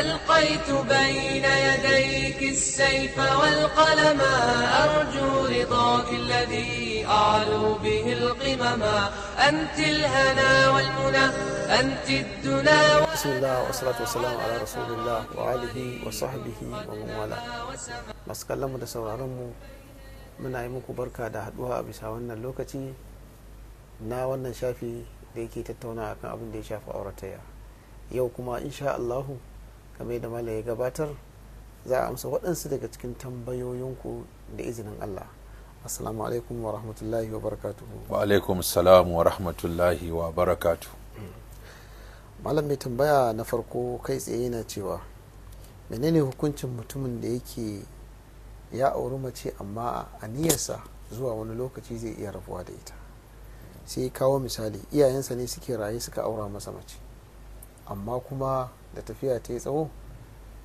ألقيت بين يديك السيف والقلم أرجو رضاك الذي أعلو به القمم أنت الهنا والمنى أنت الدنا بسم الله والصلاة والسلام على رسول الله وعليه وصحبه ومن والاه كلمة سوارم من أي مكبر كذا دوا أبي سوين اللوكتي نا وننشافي ديكي تتونا أبن ديشاف أورتيا يوكما إن شاء الله kamar da malam ya gabatar za a amsa waɗansu daga cikin tambayoyinku da izinin Allah assalamu alaikum wa rahmatullahi wa barakatu wa alaikum salam wa rahmatullahi wa barakatu malam mai tambaya na farko kai tsaye yana cewa menene hukuncin mutumin da yake ya auri mace amma a niyyarsa zuwa wani lokaci zai iya rabuwa da ita sai kawo misali iyayensa ne suke raye suka aura masa mace amma kuma da tafiya ta yi tsawo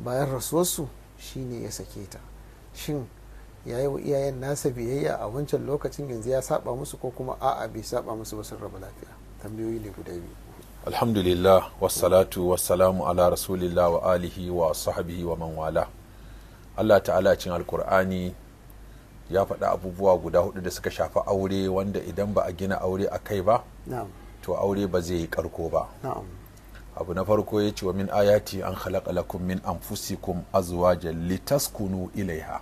bayan rasuwarsu ne ya sake ta shin ya yi wa iyayen nasa biyayya a wancan lokacin yanzu ya saba musu ko kuma a'a bai saba musu ba raba lafiya tambayoyi ne guda biyu alhamdulillah wassalatu wassalamu ala rasulillah wa alihi wa sahbihi wa man allah ta'ala cin alkur'ani ya faɗa abubuwa guda hudu da suka shafi aure wanda idan ba a gina aure a kai ba to aure ba zai yi karko ba abu na farko ya ce wa min ayati an khalaqa lakum min anfusikum azwajan litaskunu ilaiha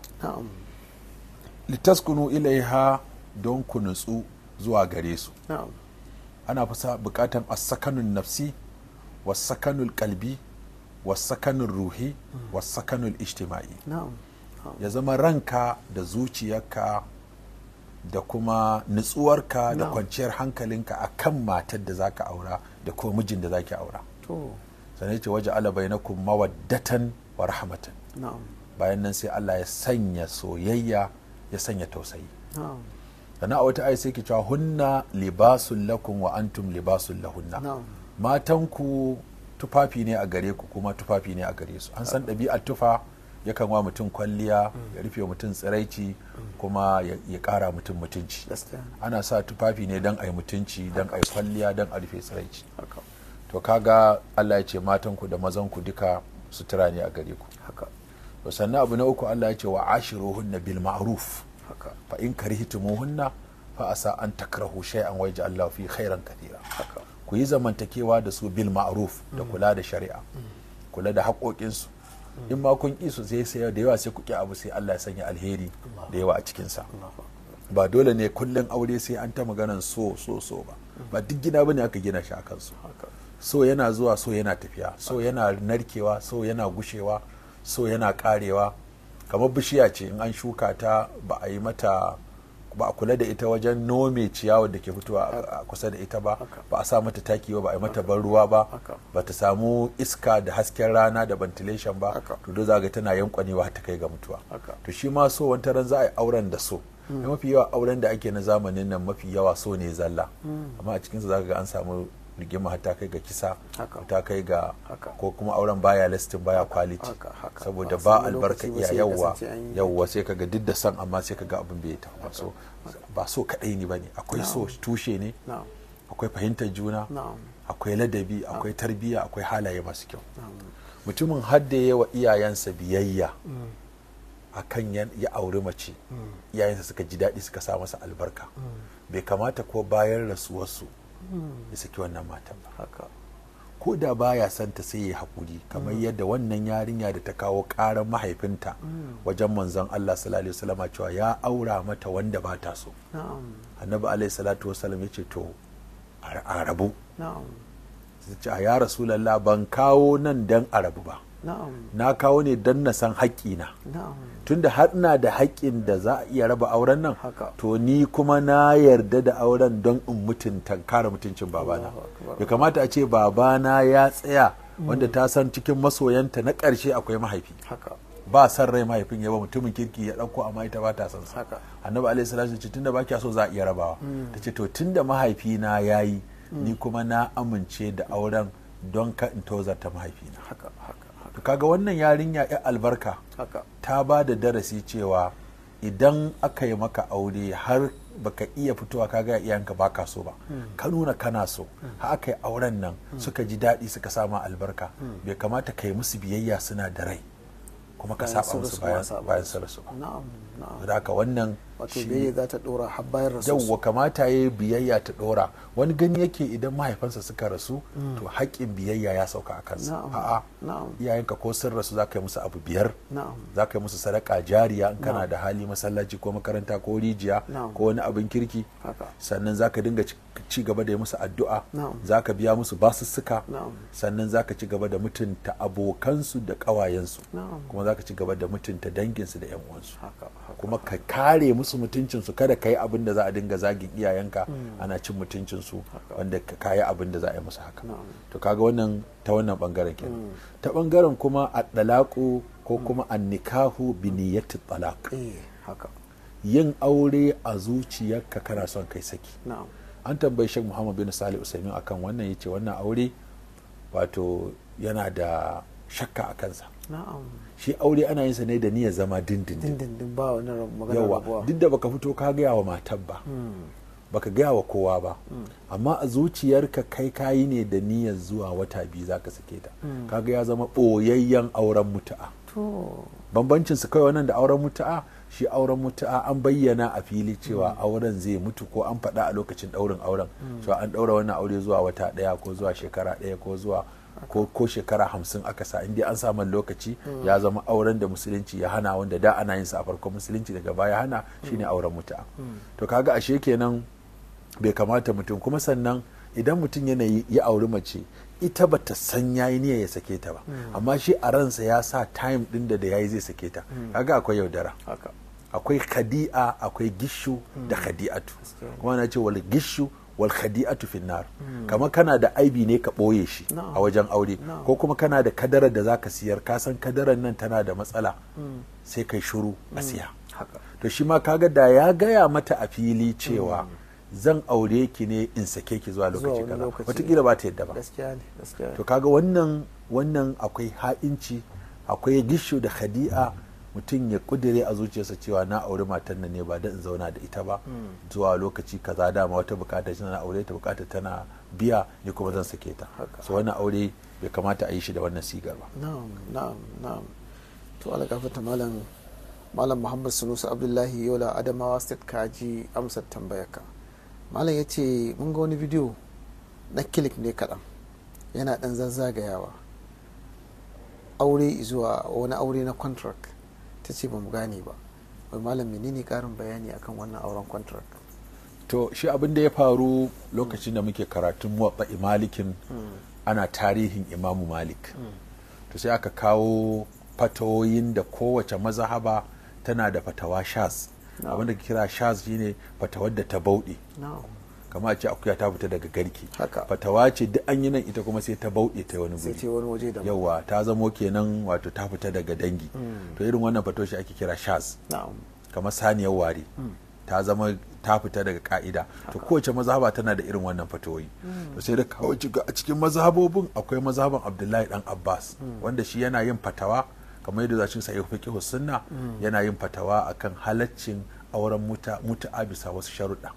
litaskunu ilaiha don ku nutsu zuwa gare su ana fasa bukatan asakanun nafsi wasakanul kalbi wasakanul ruhi wasakanul ijtima'i ya zama ranka da zuciyarka da kuma nutsuwarka da kwanciyar hankalinka a kan matar da zaka aura da kuma mijin da zaki aura sannan ce waje alabai na mawaddatan wa rahmatan bayan nan sai Allah ya sanya soyayya ya sanya tausayi sannan a wata ayi sai ke cewa hunna libasun lakum wa antum libasun lahunna matanku tufafi ne a gare ku kuma tufafi ne a gare su an san ɗabi'ar tufa yakan wa mutum kwalliya ya rufe mutum tsiraici kuma ya ƙara mutum mutunci ana sa tufafi ne don a yi mutunci don a yi kwalliya don a rufe tsiraici to kaga Allah ya ce matanku da mazanku duka sutura ne a gare ku haka to sannan abu na uku Allah ya ce wa ashiruhunna bil ma'ruf haka fa in karihtumuhunna fa asa an takrahu shay'an wa yaj'al fi khairan kathira haka ku yi zamantakewa da su bil ma'ruf da mm. kula da shari'a mm. kula da haƙoƙinsu mm. in ma kun ki su sai sai da yawa sai ku ki abu sai Allah ya sanya alheri da yawa a cikin sa ba dole ne kullun aure sai an ta maganan so so so ba ba duk gina bane aka gina shi akan su so yana zuwa so yana tafiya so yana narkewa so yana gushewa so yana karewa kamar bishiya ce in an shuka ta ba a yi mata ba a kula da ita wajen nome ciyawar da ke fitowa a kusa da ita ba ba a sa mata taki ba ba a yi mata ban ruwa ba ba ta samu iska da hasken rana da ventilation ba to do zaga tana yankwanewa ta kai ga mutuwa to shi ma so wani taron za a yi auren da so hmm. mafi yawa auren da ake na zamanin nan mafi yawa so ne zalla hmm. amma a cikinsa za ga an samu rigima ta kai ga kisa ta kai ga ko kuma auren baya lastin baya quality saboda ba albarka iya yawwa yawwa sai kaga duk da san amma sai kaga abin bai ta so ba so kadai ne bane akwai so tushe ne akwai fahimtar juna akwai ladabi akwai tarbiyya akwai halaye masu kyau mutumin har da wa iyayensa biyayya mm. akan ya auri mace mm. iyayensa suka ji daɗi suka sa masa albarka mm. bai kamata ko bayan rasuwarsu ya saki wannan matan ba ko da baya son ta sai ya haƙuri kamar mm. yadda wannan yarinya da ta kawo ƙarar mahaifinta mm. wajen manzon Allah sallallahu alaihi wasallam cewa ya aura mata wanda ba ta so annabi alaihi salatu wasallam ya ce to a rabu ta ce a ya rasulullah ban kawo nan dan arabu ba na kawo ne don na san haƙƙina tunda har na da haƙƙin da za a iya raba auren nan to ni kuma na yarda da auren don in mutunta kare mutuncin babana ya kamata a ce babana ya tsaya mm. wanda ta san cikin masoyanta na ƙarshe akwai mahaifi ba san rai mahaifin ya ba mutumin kirki ya ɗauko amma ita ba ta san sa annabi alayhi salatu ce tunda ba so za a iya rabawa mm. ta ce to tunda mahaifina ya yi mm. ni kuma na amince da auren don ka in tozarta mahaifina haka haka to kaga wannan yarinya ya albarka ta ba da darasi cewa idan aka yi maka aure har baka iya fitowa kaga iyanka baka so ba hmm. ka nuna kana so hmm. har aka yi auren nan hmm. suka ji daɗi suka sama albarka bai kamata ka yi musu biyayya suna da rai kuma ka saba musu bayan su rasu ba da haka wannan shi biyayya za ta dora rasu kamata yayi biyayya ta dora wani gani yake idan mahaifansa suka rasu hmm. to haƙƙin biyayya ya sauka a kansa a'a iyayenka ko sun rasu za ka yi musu abu biyar za ka yi musu sadaka jariya in kana da hali masallaci ko makaranta ko rijiya ko wani abin kirki sannan za ka dinga ci gaba da yi musu addu'a za ka biya musu basussuka sannan za ka ci gaba da mutunta abokansu da ƙawayensu kuma za ka ci gaba da mutunta danginsu da 'yan uwansu kuma ka kare musu mutuncinsu kada ka yi abin da za a dinga zagin iyayenka hmm. ana cin mutuncinsu wanda ka kayi abin da za a yi musu haka to kaga wannan ta wannan bangaren kenan hmm. ta bangaren kuma a dalaku ko hmm. kuma an nikahu bi niyyati talaq eh, yin aure a zuciyarka kana son kai saki an tambayi Sheikh Muhammad bin Salih Usaimin akan wannan yace wannan aure wato yana da shakka a kansa shi aure ana yin sa ne da niyya zama dindindin dindindin ba wani magana yawa duk da baka fito ka ga wa matar ba hmm. baka gaya wa kowa ba hmm. amma a zuciyarka kai kayi ne da niyyar zuwa wata biyu zaka sake ta hmm. kaga ya zama boyayyen auren mutu'a bambancin su kai wannan da auren mutu'a shi auren mutu'a an bayyana a fili cewa auren zai mutu ko an faɗa a lokacin ɗaurin auren cewa an ɗaura wannan aure zuwa wata ɗaya ko zuwa shekara ɗaya ko zuwa ko shekara hamsin aka sa inda an samu lokaci ya zama auren da musulunci ya hana wanda da ana yin sa a farkon musulunci daga baya hana shine auren muta to kaga ashe kenan bai kamata mutum kuma sannan idan mutum yanayi ya auri mace ita ba ta san yayi niyya ya sake ta ba amma shi a ransa ya sa time din da da yayi zai sake ta kaga akwai yaudara akwai kadi'a akwai gishu da kadi'atu kuma na ce wal gishu wal khadi'atu kamar kana da aibi ne ka ɓoye shi a wajen aure ko kuma kana da kadarar da zaka siyar ka san kadarar nan tana da matsala sai kai shiru a mm. siya to shi ma kaga da ya gaya mata a fili cewa mm. zan aure ki ne in sake ki zuwa lokaci kaza wataƙila ba ta yadda ba to kaga wannan wannan akwai ha'inci akwai gishu da khadi'a mutum ya kudire a zuciyarsa cewa na aure matan nan ne ba da in zauna da ita ba hmm. zuwa lokaci kaza dama wata bukata na aure ta bukata tana biya ni kuma zan sake ta so wannan aure bai kamata a yi shi da wannan sigar ba na'am na'am na'am to ala gafata malam malam muhammad sunusu abdullahi yola adamawa state kaji amsar ka malam ya ce mun ga wani bidiyo na kilik ne kaɗan yana ɗan zazzagayawa aure zuwa wani aure na contract ta ce ba mu gane ba wai malam menene karin bayani akan wannan auren contract to shi abin da ya faru lokacin da muke karatun muwaɓa malikin hmm. ana tarihin imamu malik hmm. to sai aka kawo fatawoyin da kowace mazahaba tana da fatawa shaz abin da kira shaz shine fatawar da ta bauɗe kama a ce akuya ta fita daga garki fatawa ce duk an yi nan ita kuma sai ta bauɗe ta wani guri yawa ta zamo kenan wato ta fita daga dangi hmm. to irin wannan fato shi ake kira shas kama saniyar ware hmm. ta zama ta fita daga ka'ida to kowace mazhaba tana da irin wannan fatoyi hmm. to sai da kawo a cikin mazhabobin akwai mazhaban abdullahi dan abbas wanda shi yana yin fatawa kamar yadda zacin sa fiqh sunna yana yin fatawa akan halaccin auren muta bisa wasu sharuɗa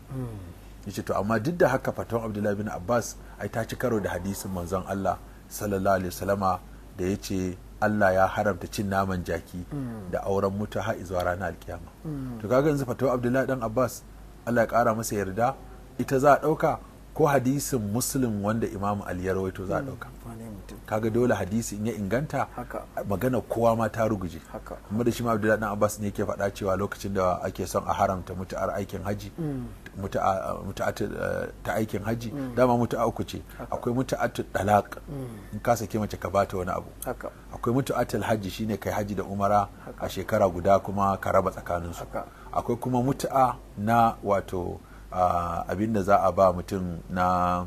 yace to amma duk da haka fatan abdullahi bin abbas ai ta ci karo da hadisin manzon allah sallallahu alaihi wasallama da yace Allah ya haramta cin naman jaki hmm. da auren mutu har izuwa ranar alkiyama hmm. to kaga yanzu fatan abdullahi dan abbas Allah ya kara masa yarda ita za a dauka ko hadisin muslim wanda imamu ali ya rawaito za a hmm. dauka kaga dole hadisi ya inganta magana kowa ma ta ruguje amma da shi ma abdullahi dan abbas ne yake faɗa cewa lokacin da ake son a haramta mutu aikin haji mutu'a eh, ta aikin haji mm. dama mutu'a uku ce akwai mutu'atu dalaq mm. in ka sake mace ka bata wani abu akwai mutu'atul haji shine kai haji da umara a shekara guda kuma ka raba tsakanin su akwai kuma mutu'a na wato eh, abin da za a ba mutum na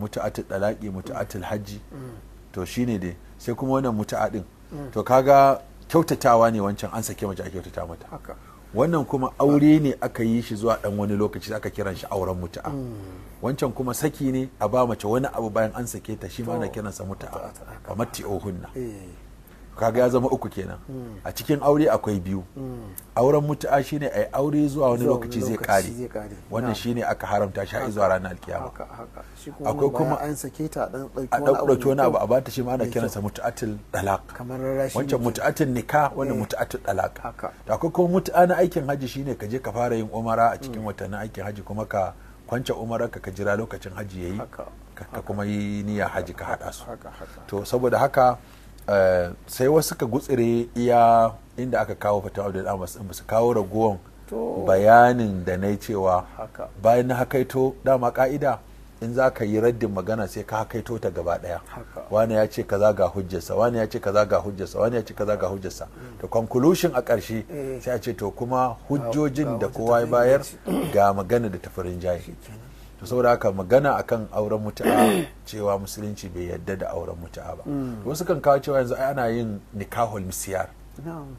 mutu'atul dalaqi mutu'atul haji mm. to shine dai sai kuma wannan mutu'a din to kaga kyautatawa ne wancan an sake mace a kyautata mata wannan kuma aure ne aka yi shi zuwa dan wani lokaci aka kiran shi auren mutu'a hmm. wancan kuma saki ne a ba mace wani abu bayan an sake ta shi ma na kiransa mutu'a kamar ti'ohunna eh. kaga ya zama uku kenan hmm. a cikin aure akwai biyu hmm. auren mutu'a shine ai aure zuwa wani lokaci zai kare wannan shine aka haramta shi zuwa ranar alkiyama akwai kuma an sake ta dan dauki wani abu a bata shi ma ana kiransa mutu'atul dalaq wancan mutu'atul nikah wannan eh. mutu'atul dalaq to akwai kuma mutu'a na aikin haji shine ka je ka fara yin umara a cikin watannin aikin haji kuma ka kwance umararka ka jira lokacin haji yayi ka kuma yi niyyar haji ka hada su to saboda haka Eh, sai wasu ka gutsire iya inda aka kawo fatan abdul amas in su kawo ragowan bayanin da na cewa bayan na hakaito dama ka'ida in za ka yi raddin magana sai ka hakaito ta gaba daya wani ya ce kaza ga hujjarsa wani ya ce kaza ga hujjarsa wani ya ce kaza ga hujjarsa mm. to conclusion a karshe eh. sai a ce to kuma hujjojin da kowa ya bayar ga magana da tafi rinjaye to saboda haka magana akan auren mutu'a cewa musulunci bai yadda da auren mutu'a ba mm. wasu kan kawo cewa yanzu ana yin nikahul misiyar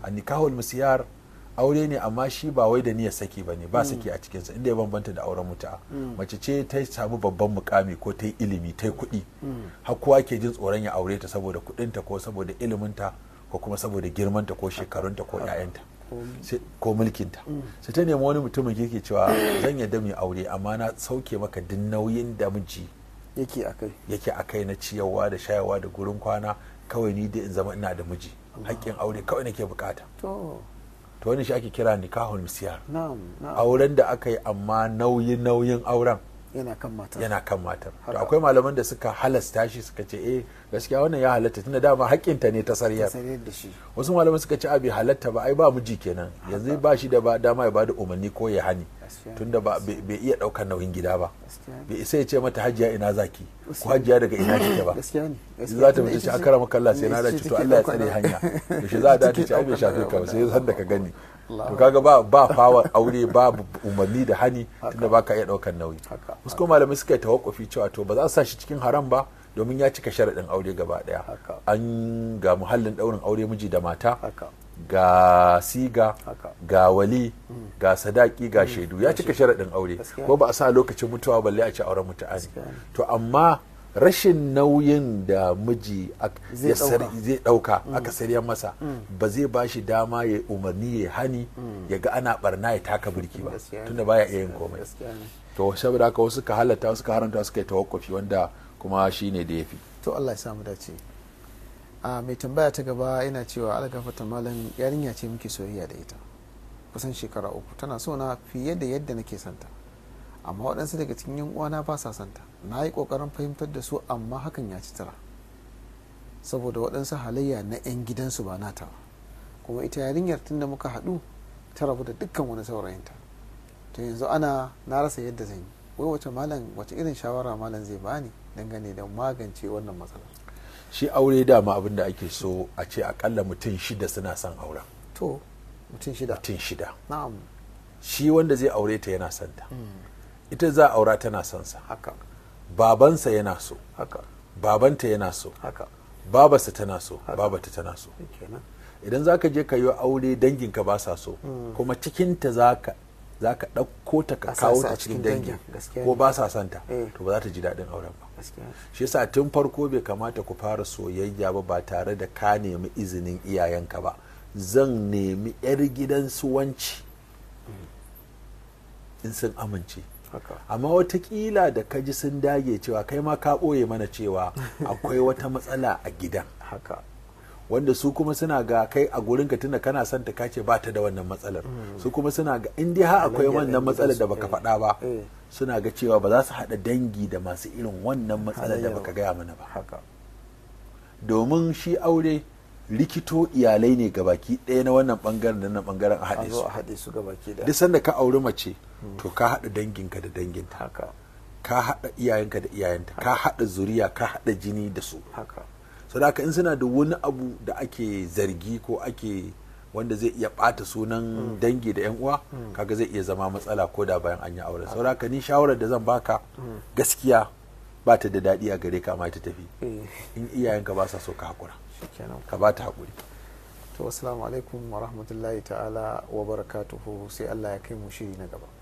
a nikahul misiyar aure ne amma shi ba wai da niyyar saki bane ba mm. saki a cikinsa inda ya bambanta da auren mutu'a mm. mace ce ta samu babban mukami ko ta yi ilimi ta yi kuɗi har kowa ke jin tsoron ya aure ta saboda kuɗinta ko saboda iliminta ko kuma saboda girmanta ko shekarunta ko 'ya'yanta ko mulkinta mm. sai ta nemi wani mutumin yake cewa zan yadda mai aure amma na sauke maka din nauyin da miji yake a kai na ciyawa da shayawa da gurin kwana kawai ni dai in zama ina da miji mm. hakkin aure kawai nake bukata to wani shi ake kira nikahul misiyar auren da aka yi amma nauyin nauyin auren yana kan matar to akwai malaman da suka halasta shi suka ce eh gaskiya wannan ya halatta tunda dama haƙƙinta ne ta sariyar wasu malaman suka ce abi halatta ba ai ba miji kenan yanzu ba shi da ba dama ya bada umarni ko ya hani tunda ba bai iya daukar nauyin gida ba bai sai ya ce mata hajiya ina zaki ko hajiya daga ina kike ba gaskiya ne za ta mutu ce akara maka Allah sai na da to Allah ya tsare hanya to shi za a dace ai bai shafe ka sai zan da ka gani to kaga ba ba fawa aure babu umarni da hani tunda baka iya ɗaukan nauyi wasu kuma malamai suka ta tawakkufi cewa to ba za su sa shi cikin haram ba domin ya cika sharaɗin aure gaba ɗaya an ga muhallin ɗaurin aure miji da mata ga siga ga wali mm. ga sadaki ga mm. shaidu ya cika sharaɗin aure ko ba a sa lokacin mutuwa balle a ci auren mutu'ani to amma rashin nauyin da miji zai dauka mm. aka sarya masa mm. ba zai ba shi dama ya umarni ya hani mm. ya ga ana barna ya taka birki ba tunda baya iya yin komai to saboda haka wasu ka halatta wasu ka wasu suka yi tawakkufi wanda kuma shi ne da ya fi. to Allah ya samu dace a mai tambaya ta gaba yana cewa algafata malam yarinya ce muke soyayya da ita kusan shekara uku tana so na fiye da yadda nake santa amma waɗansu daga cikin yan uwana ba sa santa na yi kokarin fahimtar da su amma hakan ya ci tara saboda waɗansu halayya na 'yan gidansu ba nata ba kuma ita yarinyar tun da muka haɗu ta rabu da dukkan wani saurayinta to yanzu ana na rasa yadda zan yi wai wace malam wace irin shawara malam zai bani dangane da magance wannan matsala. shi aure dama abin da ake so a ce akalla mutum shida suna son auren to mutum shida mutum shida na'am shi wanda zai aure ta yana son ta mm. ita za aura tana son sa haka babansa yana so babanta yana so babasa tana so babata tana so idan za ka je ka yi aure danginka ba sa so hmm. kuma cikinta za ka za ka ɗauko ta ka kawo ta cikin dangin ko ba sa santa eh. to ba za ta ji daɗin auren ba shi yasa tun farko bai kamata ku fara soyayya ba ba tare da ka nemi izinin iyayenka ba zan nemi 'yar gidan suwanci hmm. in sun amince amma watakila da kaji sun dage cewa kai ma ka ɓoye mana cewa akwai wata matsala a gidan haka wanda su kuma suna ga kai a gurin ka tunda kana son ta kace ba ta da wannan matsalar mm. su kuma suna ga in dai har akwai wannan matsalar da baka eh, faɗa ba eh. suna ga cewa ba za su haɗa dangi da masu irin wannan matsalar da baka gaya mana ba haka domin shi aure likito iyalai ne gabaki ɗaya na wannan bangaren da nan bangaren a haɗe su haɗe su duk sanda ka auri mace hmm. to ka haɗa danginka da danginta haka ka haɗa iyayenka da iyayenta ka haɗa zuriya ka haɗa jini da su haka so da in suna da wani abu da ake zargi ko ake wanda zai iya ɓata sunan hmm. dangi da yan uwa hmm. kaga zai iya zama matsala ko da bayan an yi aure so da ni shawarar da zan baka gaskiya ba ta da daɗi a gare ka ma ta tafi eh. in iyayenka ba sa so ka haƙura kenan ka ba ta haƙuri to assalamu alaikum wa rahmatullahi ta'ala wa barakatuhu sai allah ya kai mu shiri na gaba